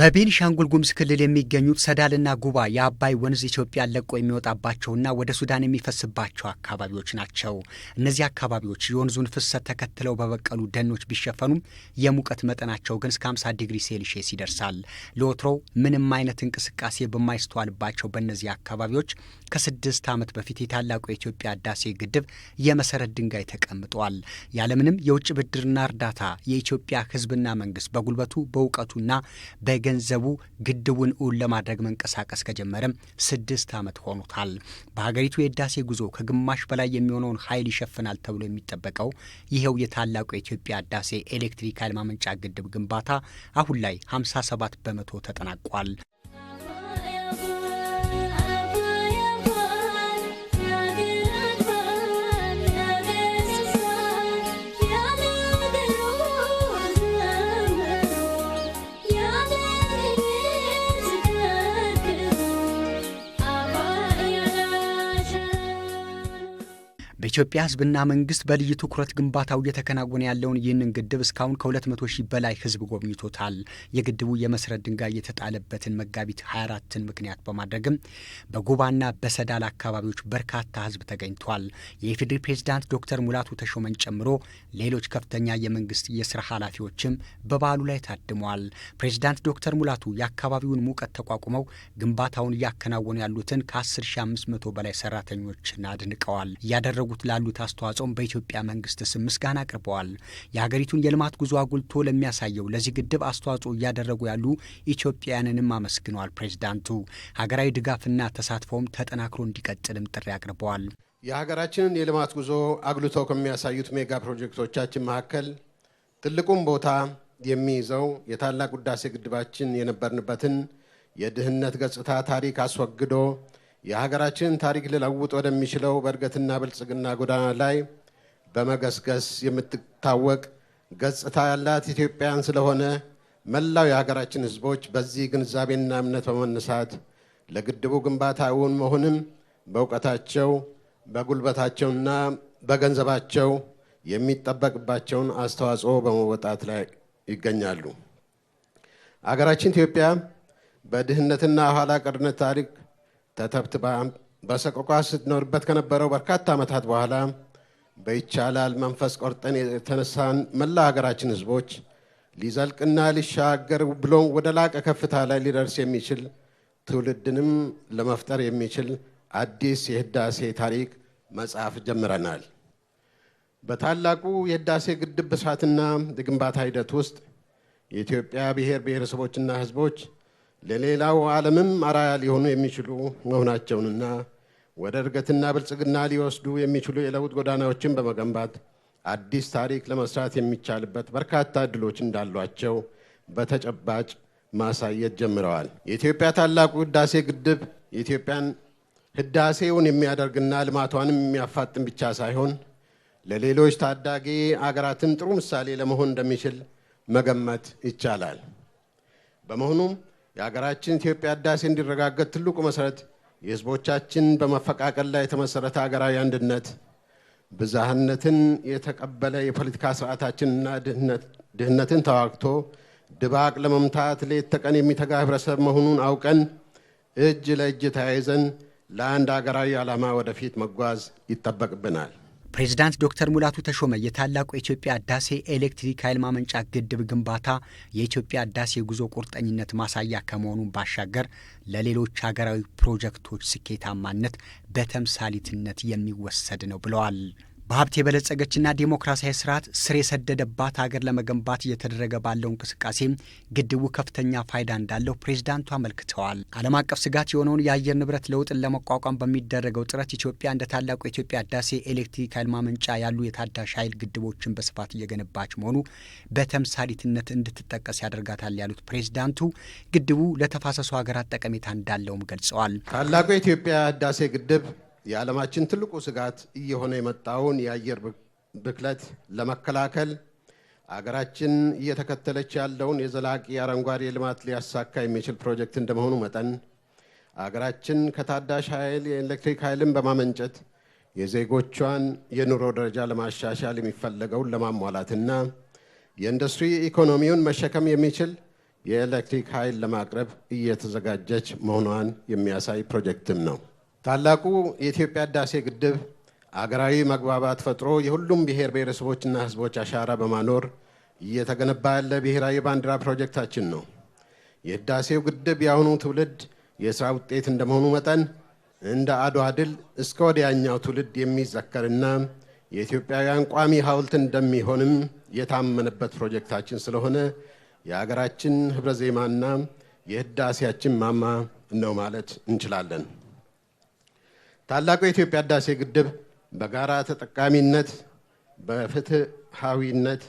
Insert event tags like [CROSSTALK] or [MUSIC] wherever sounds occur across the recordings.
በቤኒሻንጉል ጉምዝ ክልል የሚገኙት ሰዳልና ጉባ የአባይ ወንዝ ኢትዮጵያን ለቆ የሚወጣባቸውና ወደ ሱዳን የሚፈስባቸው አካባቢዎች ናቸው። እነዚህ አካባቢዎች የወንዙን ፍሰት ተከትለው በበቀሉ ደኖች ቢሸፈኑም የሙቀት መጠናቸው ግን እስከ 50 ዲግሪ ሴልሺየስ ይደርሳል። ለወትሮው ምንም አይነት እንቅስቃሴ በማይስተዋልባቸው በእነዚህ አካባቢዎች ከስድስት ዓመት በፊት የታላቁ የኢትዮጵያ ዳሴ ግድብ የመሰረት ድንጋይ ተቀምጧል። ያለምንም የውጭ ብድርና እርዳታ የኢትዮጵያ ህዝብና መንግስት በጉልበቱ በእውቀቱና በገ ገንዘቡ ግድቡን እውን ለማድረግ መንቀሳቀስ ከጀመረም ስድስት ዓመት ሆኖታል። በሀገሪቱ የህዳሴ ጉዞ ከግማሽ በላይ የሚሆነውን ኃይል ይሸፍናል ተብሎ የሚጠበቀው ይኸው የታላቁ የኢትዮጵያ ህዳሴ ኤሌክትሪክ ኃይል ማመንጫ ግድብ ግንባታ አሁን ላይ 57 በመቶ ተጠናቋል። በኢትዮጵያ ሕዝብና መንግስት በልዩ ትኩረት ግንባታው እየተከናወነ ያለውን ይህንን ግድብ እስካሁን ከ200 ሺህ በላይ ሕዝብ ጎብኝቶታል። የግድቡ የመሰረት ድንጋይ የተጣለበትን መጋቢት 24ን ምክንያት በማድረግም በጉባና በሰዳል አካባቢዎች በርካታ ሕዝብ ተገኝቷል። የኢፌዴሪ ፕሬዝዳንት ዶክተር ሙላቱ ተሾመን ጨምሮ ሌሎች ከፍተኛ የመንግስት የስራ ኃላፊዎችም በበዓሉ ላይ ታድመዋል። ፕሬዝዳንት ዶክተር ሙላቱ የአካባቢውን ሙቀት ተቋቁመው ግንባታውን እያከናወኑ ያሉትን ከ10500 በላይ ሰራተኞችን አድንቀዋል። ያደረጉት እያደረጉት ላሉት አስተዋጽኦም በኢትዮጵያ መንግስት ስም ምስጋና አቅርበዋል። የሀገሪቱን የልማት ጉዞ አጉልቶ ለሚያሳየው ለዚህ ግድብ አስተዋጽኦ እያደረጉ ያሉ ኢትዮጵያውያንንም አመስግነዋል። ፕሬዚዳንቱ ሀገራዊ ድጋፍና ተሳትፎም ተጠናክሮ እንዲቀጥልም ጥሪ አቅርበዋል። የሀገራችንን የልማት ጉዞ አጉልቶ ከሚያሳዩት ሜጋ ፕሮጀክቶቻችን መካከል ትልቁን ቦታ የሚይዘው የታላቁ ህዳሴ ግድባችን የነበርንበትን የድህነት ገጽታ ታሪክ አስወግዶ የሀገራችን ታሪክ ልለውጥ ወደሚችለው በእድገትና ብልጽግና ጎዳና ላይ በመገስገስ የምትታወቅ ገጽታ ያላት ኢትዮጵያን ስለሆነ መላው የሀገራችን ሕዝቦች በዚህ ግንዛቤና እምነት በመነሳት ለግድቡ እውን መሆንም በእውቀታቸው በጉልበታቸውና በገንዘባቸው የሚጠበቅባቸውን አስተዋጽኦ በመወጣት ላይ ይገኛሉ። አገራችን ኢትዮጵያ በድህነትና ኋላ ቀርነት ታሪክ ተተብትባ በሰቆቋ ስትኖርበት ከነበረው በርካታ ዓመታት በኋላ በይቻላል መንፈስ ቆርጠን የተነሳን መላ ሀገራችን ህዝቦች ሊዘልቅና ሊሻገር ብሎም ወደ ላቀ ከፍታ ላይ ሊደርስ የሚችል ትውልድንም ለመፍጠር የሚችል አዲስ የህዳሴ ታሪክ መጽሐፍ ጀምረናል። በታላቁ የህዳሴ ግድብ እሳትና የግንባታ ሂደት ውስጥ የኢትዮጵያ ብሔር ብሔረሰቦችና ህዝቦች ለሌላው ዓለምም አራያ ሊሆኑ የሚችሉ መሆናቸውንና ወደ እድገትና ብልጽግና ሊወስዱ የሚችሉ የለውጥ ጎዳናዎችን በመገንባት አዲስ ታሪክ ለመስራት የሚቻልበት በርካታ እድሎች እንዳሏቸው በተጨባጭ ማሳየት ጀምረዋል። የኢትዮጵያ ታላቁ ህዳሴ ግድብ የኢትዮጵያን ህዳሴውን የሚያደርግና ልማቷንም የሚያፋጥን ብቻ ሳይሆን ለሌሎች ታዳጊ አገራትም ጥሩ ምሳሌ ለመሆን እንደሚችል መገመት ይቻላል። በመሆኑም የሀገራችን ኢትዮጵያ ህዳሴ እንዲረጋገጥ ትልቁ መሰረት የህዝቦቻችን በመፈቃቀል ላይ የተመሰረተ ሀገራዊ አንድነት፣ ብዝሃነትን የተቀበለ የፖለቲካ ስርዓታችንና ድህነትን ተዋግቶ ድባቅ ለመምታት ሌት ተቀን የሚተጋ ህብረተሰብ መሆኑን አውቀን እጅ ለእጅ ተያይዘን ለአንድ ሀገራዊ ዓላማ ወደፊት መጓዝ ይጠበቅብናል። ፕሬዚዳንት ዶክተር ሙላቱ ተሾመ የታላቁ የኢትዮጵያ ህዳሴ ኤሌክትሪክ ኃይል ማመንጫ ግድብ ግንባታ የኢትዮጵያ ህዳሴ ጉዞ ቁርጠኝነት ማሳያ ከመሆኑ ባሻገር ለሌሎች ሀገራዊ ፕሮጀክቶች ስኬታማነት በተምሳሌትነት የሚወሰድ ነው ብለዋል። በሀብት የበለጸገችና ዴሞክራሲያዊ ስርዓት ስር የሰደደባት ሀገር ለመገንባት እየተደረገ ባለው እንቅስቃሴም ግድቡ ከፍተኛ ፋይዳ እንዳለው ፕሬዚዳንቱ አመልክተዋል። ዓለም አቀፍ ስጋት የሆነውን የአየር ንብረት ለውጥን ለመቋቋም በሚደረገው ጥረት ኢትዮጵያ እንደ ታላቁ የኢትዮጵያ ህዳሴ ኤሌክትሪክ ኃይል ማመንጫ ያሉ የታዳሽ ኃይል ግድቦችን በስፋት እየገነባች መሆኑ በተምሳሌትነት እንድትጠቀስ ያደርጋታል ያሉት ፕሬዚዳንቱ ግድቡ ለተፋሰሱ ሀገራት ጠቀሜታ እንዳለውም ገልጸዋል። ታላቁ የኢትዮጵያ ህዳሴ ግድብ የዓለማችን ትልቁ ስጋት እየሆነ የመጣውን የአየር ብክለት ለመከላከል አገራችን እየተከተለች ያለውን የዘላቂ አረንጓዴ ልማት ሊያሳካ የሚችል ፕሮጀክት እንደመሆኑ መጠን አገራችን ከታዳሽ ኃይል የኤሌክትሪክ ኃይልን በማመንጨት የዜጎቿን የኑሮ ደረጃ ለማሻሻል የሚፈለገውን ለማሟላትና የኢንዱስትሪ ኢኮኖሚውን መሸከም የሚችል የኤሌክትሪክ ኃይል ለማቅረብ እየተዘጋጀች መሆኗን የሚያሳይ ፕሮጀክትም ነው። ታላቁ የኢትዮጵያ ህዳሴ ግድብ አገራዊ መግባባት ፈጥሮ የሁሉም ብሔር ብሔረሰቦችና ህዝቦች አሻራ በማኖር እየተገነባ ያለ ብሔራዊ ባንዲራ ፕሮጀክታችን ነው። የህዳሴው ግድብ የአሁኑ ትውልድ የስራ ውጤት እንደመሆኑ መጠን እንደ አድዋ ድል እስከ ወዲያኛው ትውልድ የሚዘከርና የኢትዮጵያውያን ቋሚ ሐውልት እንደሚሆንም የታመነበት ፕሮጀክታችን ስለሆነ የሀገራችን ህብረ ዜማና የህዳሴያችን ማማ ነው ማለት እንችላለን። ታላቁ የኢትዮጵያ ህዳሴ ግድብ በጋራ ተጠቃሚነት በፍትሃዊነት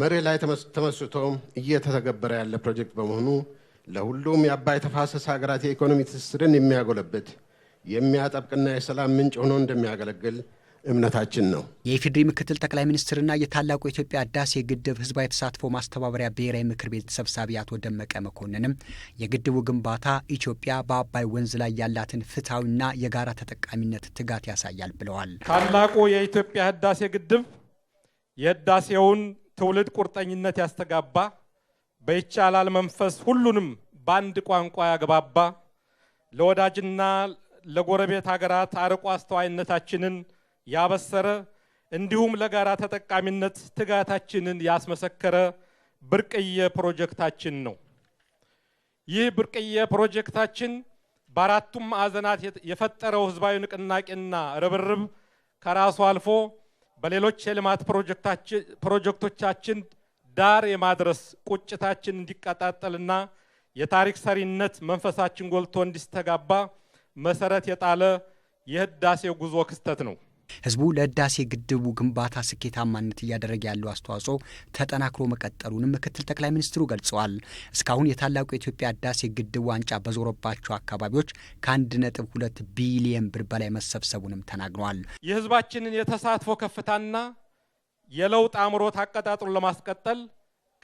መርህ ላይ ተመስርቶ እየተተገበረ ያለ ፕሮጀክት በመሆኑ ለሁሉም የአባይ ተፋሰስ ሀገራት የኢኮኖሚ ትስስርን የሚያጎለብት የሚያጠብቅና የሰላም ምንጭ ሆኖ እንደሚያገለግል እምነታችን ነው። የኢፌዴሪ ምክትል ጠቅላይ ሚኒስትርና የታላቁ የኢትዮጵያ ህዳሴ ግድብ ህዝባዊ ተሳትፎ ማስተባበሪያ ብሔራዊ ምክር ቤት ሰብሳቢ አቶ ደመቀ መኮንንም የግድቡ ግንባታ ኢትዮጵያ በአባይ ወንዝ ላይ ያላትን ፍትሐዊና የጋራ ተጠቃሚነት ትጋት ያሳያል ብለዋል። ታላቁ የኢትዮጵያ ህዳሴ ግድብ የህዳሴውን ትውልድ ቁርጠኝነት ያስተጋባ፣ በይቻላል መንፈስ ሁሉንም በአንድ ቋንቋ ያግባባ፣ ለወዳጅና ለጎረቤት ሀገራት አርቆ አስተዋይነታችንን ያበሰረ እንዲሁም ለጋራ ተጠቃሚነት ትጋታችንን ያስመሰከረ ብርቅዬ ፕሮጀክታችን ነው። ይህ ብርቅዬ ፕሮጀክታችን በአራቱም ማዕዘናት የፈጠረው ህዝባዊ ንቅናቄና ርብርብ ከራሱ አልፎ በሌሎች የልማት ፕሮጀክቶቻችን ዳር የማድረስ ቁጭታችን እንዲቀጣጠልና የታሪክ ሰሪነት መንፈሳችን ጎልቶ እንዲስተጋባ መሰረት የጣለ የህዳሴ ጉዞ ክስተት ነው። ህዝቡ ለህዳሴ ግድቡ ግንባታ ስኬታማነት እያደረገ ያለው አስተዋጽኦ ተጠናክሮ መቀጠሉንም ምክትል ጠቅላይ ሚኒስትሩ ገልጸዋል። እስካሁን የታላቁ የኢትዮጵያ ህዳሴ ግድብ ዋንጫ በዞረባቸው አካባቢዎች ከአንድ ነጥብ ሁለት ቢሊየን ብር በላይ መሰብሰቡንም ተናግረዋል። የህዝባችንን የተሳትፎ ከፍታና የለውጥ አእምሮት አቀጣጥሩን ለማስቀጠል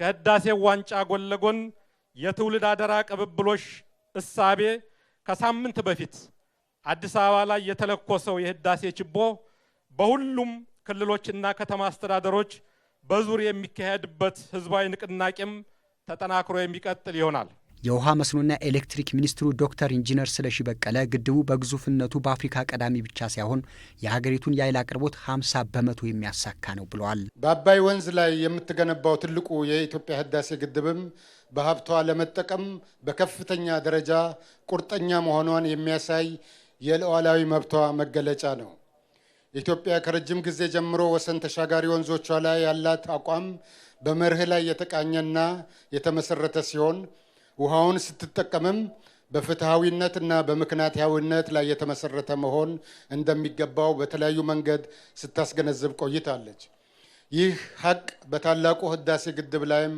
ከህዳሴው ዋንጫ ጎን ለጎን የትውልድ አደራ ቅብብሎሽ እሳቤ ከሳምንት በፊት አዲስ አበባ ላይ የተለኮሰው የህዳሴ ችቦ በሁሉም ክልሎችና ከተማ አስተዳደሮች በዙር የሚካሄድበት ህዝባዊ ንቅናቄም ተጠናክሮ የሚቀጥል ይሆናል። የውሃ መስኖና ኤሌክትሪክ ሚኒስትሩ ዶክተር ኢንጂነር ስለሺ በቀለ ግድቡ በግዙፍነቱ በአፍሪካ ቀዳሚ ብቻ ሳይሆን የሀገሪቱን የኃይል አቅርቦት 50 በመቶ የሚያሳካ ነው ብለዋል። በአባይ ወንዝ ላይ የምትገነባው ትልቁ የኢትዮጵያ ህዳሴ ግድብም በሀብቷ ለመጠቀም በከፍተኛ ደረጃ ቁርጠኛ መሆኗን የሚያሳይ የሉዓላዊ መብቷ መገለጫ ነው። ኢትዮጵያ ከረጅም ጊዜ ጀምሮ ወሰን ተሻጋሪ ወንዞቿ ላይ ያላት አቋም በመርህ ላይ የተቃኘና የተመሰረተ ሲሆን ውሃውን ስትጠቀምም በፍትሐዊነት እና በምክንያታዊነት ላይ የተመሰረተ መሆን እንደሚገባው በተለያዩ መንገድ ስታስገነዝብ ቆይታለች። ይህ ሀቅ በታላቁ ህዳሴ ግድብ ላይም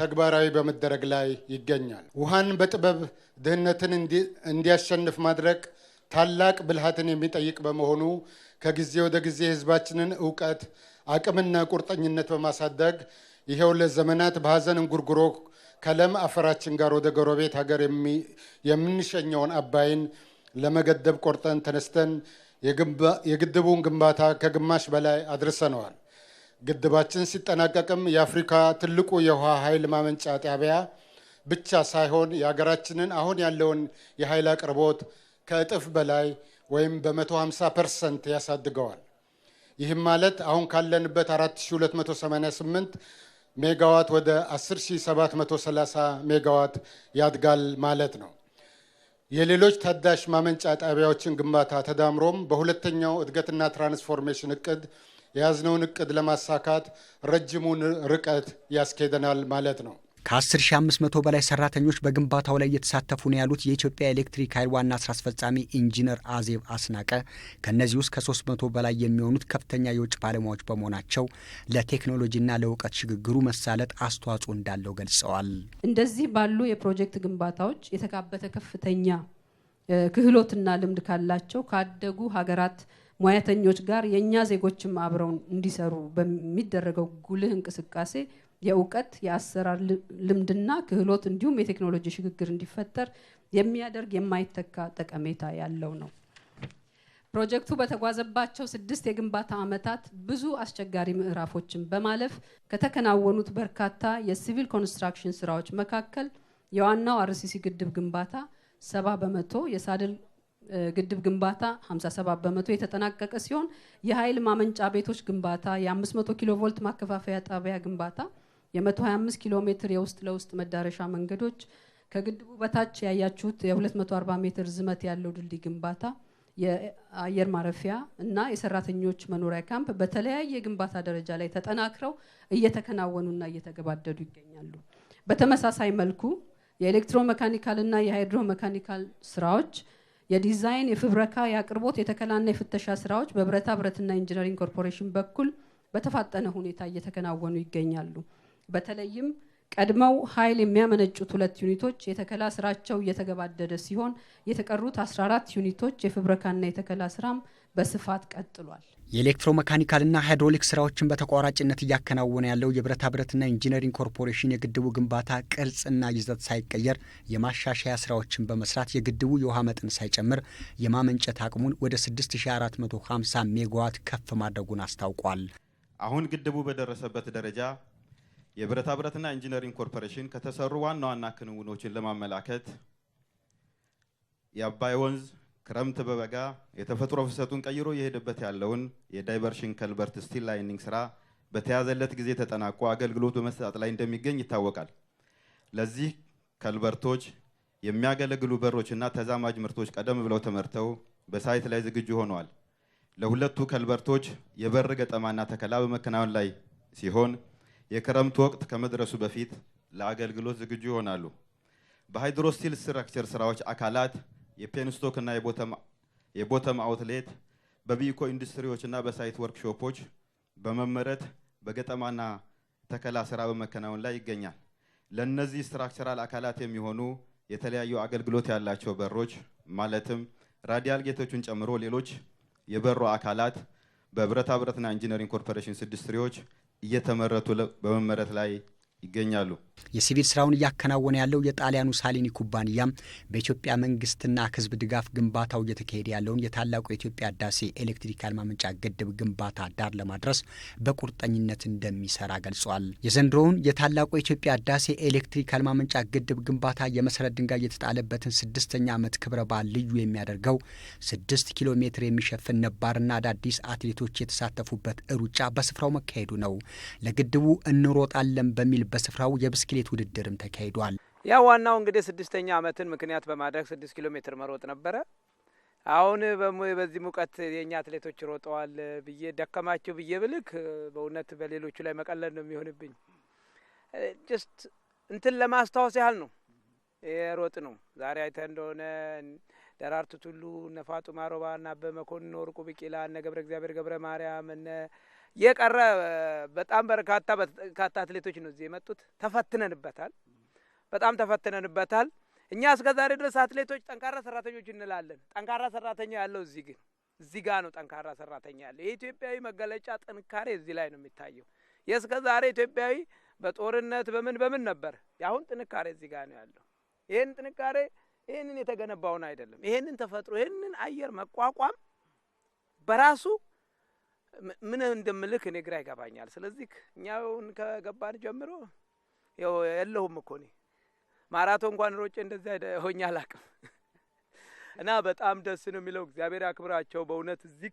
ተግባራዊ በመደረግ ላይ ይገኛል። ውሃን በጥበብ ድህነትን እንዲያሸንፍ ማድረግ ታላቅ ብልሃትን የሚጠይቅ በመሆኑ ከጊዜ ወደ ጊዜ የህዝባችንን እውቀት አቅምና ቁርጠኝነት በማሳደግ ይኸው ለዘመናት በሐዘን እንጉርጉሮ ከለም አፈራችን ጋር ወደ ጎረቤት ሀገር የምንሸኘውን አባይን ለመገደብ ቆርጠን ተነስተን የግድቡን ግንባታ ከግማሽ በላይ አድርሰነዋል። ግድባችን ሲጠናቀቅም የአፍሪካ ትልቁ የውሃ ኃይል ማመንጫ ጣቢያ ብቻ ሳይሆን የሀገራችንን አሁን ያለውን የኃይል አቅርቦት ከእጥፍ በላይ ወይም በ150 ፐርሰንት ያሳድገዋል። ይህም ማለት አሁን ካለንበት 4288 ሜጋዋት ወደ 10730 ሜጋዋት ያድጋል ማለት ነው። የሌሎች ታዳሽ ማመንጫ ጣቢያዎችን ግንባታ ተዳምሮም በሁለተኛው እድገትና ትራንስፎርሜሽን እቅድ የያዝነውን እቅድ ለማሳካት ረጅሙን ርቀት ያስኬደናል ማለት ነው። ከ10500 በላይ ሰራተኞች በግንባታው ላይ እየተሳተፉ ነው ያሉት የኢትዮጵያ ኤሌክትሪክ ኃይል ዋና ስራ አስፈጻሚ ኢንጂነር አዜብ አስናቀ ከእነዚህ ውስጥ ከ300 በላይ የሚሆኑት ከፍተኛ የውጭ ባለሙያዎች በመሆናቸው ለቴክኖሎጂና ለእውቀት ሽግግሩ መሳለጥ አስተዋጽኦ እንዳለው ገልጸዋል። እንደዚህ ባሉ የፕሮጀክት ግንባታዎች የተካበተ ከፍተኛ ክህሎትና ልምድ ካላቸው ካደጉ ሀገራት ሙያተኞች ጋር የእኛ ዜጎችም አብረውን እንዲሰሩ በሚደረገው ጉልህ እንቅስቃሴ የእውቀት የአሰራር ልምድና ክህሎት እንዲሁም የቴክኖሎጂ ሽግግር እንዲፈጠር የሚያደርግ የማይተካ ጠቀሜታ ያለው ነው። ፕሮጀክቱ በተጓዘባቸው ስድስት የግንባታ ዓመታት ብዙ አስቸጋሪ ምዕራፎችን በማለፍ ከተከናወኑት በርካታ የሲቪል ኮንስትራክሽን ስራዎች መካከል የዋናው አርሲሲ ግድብ ግንባታ 70 በመቶ፣ የሳድል ግድብ ግንባታ 57 በመቶ የተጠናቀቀ ሲሆን የኃይል ማመንጫ ቤቶች ግንባታ፣ የ500 ኪሎ ቮልት ማከፋፈያ ጣቢያ ግንባታ የ125 ኪሎ ሜትር የውስጥ ለውስጥ መዳረሻ መንገዶች፣ ከግድቡ በታች ያያችሁት የ240 ሜትር ዝመት ያለው ድልድይ ግንባታ፣ የአየር ማረፊያ እና የሰራተኞች መኖሪያ ካምፕ በተለያየ ግንባታ ደረጃ ላይ ተጠናክረው እየተከናወኑና እየተገባደዱ ይገኛሉ። በተመሳሳይ መልኩ የኤሌክትሮ መካኒካል እና የሃይድሮ መካኒካል ስራዎች የዲዛይን የፍብረካ የአቅርቦት የተከላና የፍተሻ ስራዎች በብረታ ብረትና ኢንጂነሪንግ ኮርፖሬሽን በኩል በተፋጠነ ሁኔታ እየተከናወኑ ይገኛሉ። በተለይም ቀድመው ኃይል የሚያመነጩት ሁለት ዩኒቶች የተከላ ስራቸው እየተገባደደ ሲሆን የተቀሩት 14 ዩኒቶች የፍብረካና የተከላ ስራም በስፋት ቀጥሏል። የኤሌክትሮሜካኒካልና ሃይድሮሊክ ስራዎችን በተቋራጭነት እያከናወነ ያለው የብረታ ብረትና ኢንጂነሪንግ ኮርፖሬሽን የግድቡ ግንባታ ቅርጽና ይዘት ሳይቀየር የማሻሻያ ስራዎችን በመስራት የግድቡ የውሃ መጠን ሳይጨምር የማመንጨት አቅሙን ወደ 6450 ሜጋዋት ከፍ ማድረጉን አስታውቋል። አሁን ግድቡ በደረሰበት ደረጃ የብረታ ብረትና ኢንጂነሪንግ ኮርፖሬሽን ከተሰሩ ዋና ዋና ክንውኖችን ለማመላከት የአባይ ወንዝ ክረምት በበጋ የተፈጥሮ ፍሰቱን ቀይሮ የሄደበት ያለውን የዳይቨርሽን ከልበርት ስቲል ላይኒንግ ስራ በተያዘለት ጊዜ ተጠናቆ አገልግሎት በመሰጣት ላይ እንደሚገኝ ይታወቃል። ለዚህ ከልበርቶች የሚያገለግሉ በሮችና ተዛማጅ ምርቶች ቀደም ብለው ተመርተው በሳይት ላይ ዝግጁ ሆነዋል። ለሁለቱ ከልበርቶች የበር ገጠማና ተከላ በመከናወን ላይ ሲሆን የክረምት ወቅት ከመድረሱ በፊት ለአገልግሎት ዝግጁ ይሆናሉ። በሃይድሮስቲል ስትራክቸር ስራዎች አካላት የፔንስቶክ እና የቦተም አውትሌት በቢኮ ኢንዱስትሪዎች እና በሳይት ወርክሾፖች በመመረት በገጠማና ተከላ ስራ በመከናወን ላይ ይገኛል። ለእነዚህ ስትራክቸራል አካላት የሚሆኑ የተለያዩ አገልግሎት ያላቸው በሮች ማለትም ራዲያል ጌቶቹን ጨምሮ ሌሎች የበሩ አካላት በብረታ ብረትና ኢንጂነሪንግ ኮርፖሬሽን ኢንዱስትሪዎች እየተመረቱ በመመረት ላይ ይገኛሉ። የሲቪል ስራውን እያከናወነ ያለው የጣሊያኑ ሳሊኒ ኩባንያም በኢትዮጵያ መንግስትና ህዝብ ድጋፍ ግንባታው እየተካሄደ ያለውን የታላቁ የኢትዮጵያ ህዳሴ ኤሌክትሪክ ኃይል ማመንጫ ግድብ ግንባታ ዳር ለማድረስ በቁርጠኝነት እንደሚሰራ ገልጿል። የዘንድሮውን የታላቁ የኢትዮጵያ ህዳሴ ኤሌክትሪክ ኃይል ማመንጫ ግድብ ግንባታ የመሰረት ድንጋይ የተጣለበትን ስድስተኛ ዓመት ክብረ በዓል ልዩ የሚያደርገው ስድስት ኪሎ ሜትር የሚሸፍን ነባርና አዳዲስ አትሌቶች የተሳተፉበት ሩጫ በስፍራው መካሄዱ ነው። ለግድቡ እንሮጣለን በሚል በስፍራው የብስ ብስክሌት ውድድርም ተካሂዷል። ያ ዋናው እንግዲህ ስድስተኛ ዓመትን ምክንያት በማድረግ ስድስት ኪሎ ሜትር መሮጥ ነበረ። አሁን በዚህ ሙቀት የእኛ አትሌቶች ሮጠዋል ብዬ ደከማቸው ብዬ ብልክ በእውነት በሌሎቹ ላይ መቀለል ነው የሚሆንብኝ። ጀስት እንትን ለማስታወስ ያህል ነው የሮጥ ነው። ዛሬ አይተ እንደሆነ ደራርቱ ቱሉ፣ እነ ፋጡማ ሮባ፣ እነ አበበ መኮንን፣ ወርቁ ቢቂላ፣ እነ ገብረ እግዚአብሔር ገብረ ማርያም፣ እነ የቀረ በጣም በርካታ በርካታ አትሌቶች ነው እዚህ የመጡት። ተፈትነንበታል፣ በጣም ተፈትነንበታል። እኛ እስከ ዛሬ ድረስ አትሌቶች ጠንካራ ሰራተኞች እንላለን። ጠንካራ ሰራተኛ ያለው እዚህ ግን እዚህ ጋር ነው ጠንካራ ሰራተኛ ያለው። የኢትዮጵያዊ መገለጫ ጥንካሬ እዚህ ላይ ነው የሚታየው። የእስከ ዛሬ ኢትዮጵያዊ በጦርነት በምን በምን ነበር። የአሁን ጥንካሬ እዚህ ጋር ነው ያለው። ይህን ጥንካሬ ይህንን የተገነባውን አይደለም፣ ይህንን ተፈጥሮ ይህንን አየር መቋቋም በራሱ ምን እንደምልክ እኔ ግራ ይገባኛል። ስለዚህ እኛውን ከገባን ጀምሮ ያው የለሁም እኮ እኔ ማራቶ እንኳን ሮጬ እንደዛ ሆኜ አላውቅም። [LAUGHS] እና በጣም ደስ ነው የሚለው። እግዚአብሔር ያክብራቸው በእውነት እዚህ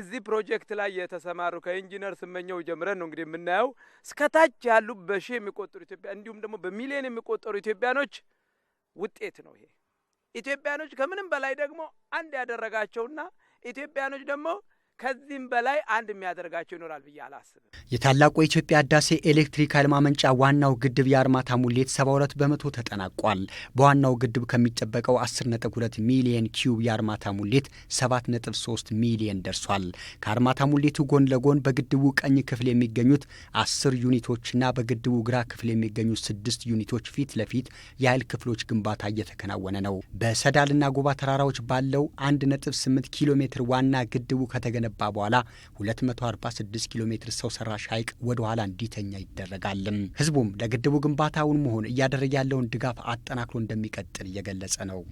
እዚህ ፕሮጀክት ላይ የተሰማሩ ከኢንጂነር ስመኘው ጀምረን ነው እንግዲህ የምናየው እስከ ታች ያሉ በሺህ የሚቆጠሩ ኢትዮጵያ እንዲሁም ደግሞ በሚሊዮን የሚቆጠሩ ኢትዮጵያኖች ውጤት ነው ይሄ። ኢትዮጵያኖች ከምንም በላይ ደግሞ አንድ ያደረጋቸውና ኢትዮጵያኖች ደግሞ ከዚህም በላይ አንድ የሚያደርጋቸው ይኖራል ብዬ አላስብም። የታላቁ የኢትዮጵያ ህዳሴ ኤሌክትሪክ ኃይል ማመንጫ ዋናው ግድብ የአርማታ ሙሌት 72 በመቶ ተጠናቋል። በዋናው ግድብ ከሚጠበቀው 10.2 ሚሊየን ኪዩብ የአርማታ ሙሌት 7.3 ሚሊየን ደርሷል። ከአርማታ ሙሌቱ ጎን ለጎን በግድቡ ቀኝ ክፍል የሚገኙት 10 ዩኒቶችና በግድቡ ግራ ክፍል የሚገኙት ስድስት ዩኒቶች ፊት ለፊት የኃይል ክፍሎች ግንባታ እየተከናወነ ነው። በሰዳልና ጎባ ተራራዎች ባለው 1.8 ኪሎ ሜትር ዋና ግድቡ ከተገ ከተገነባ በኋላ 246 ኪሎ ሜትር ሰው ሰራሽ ሐይቅ ወደ ኋላ እንዲተኛ ይደረጋልም። ህዝቡም ለግድቡ ግንባታውን መሆን እያደረገ ያለውን ድጋፍ አጠናክሮ እንደሚቀጥል እየገለጸ ነው።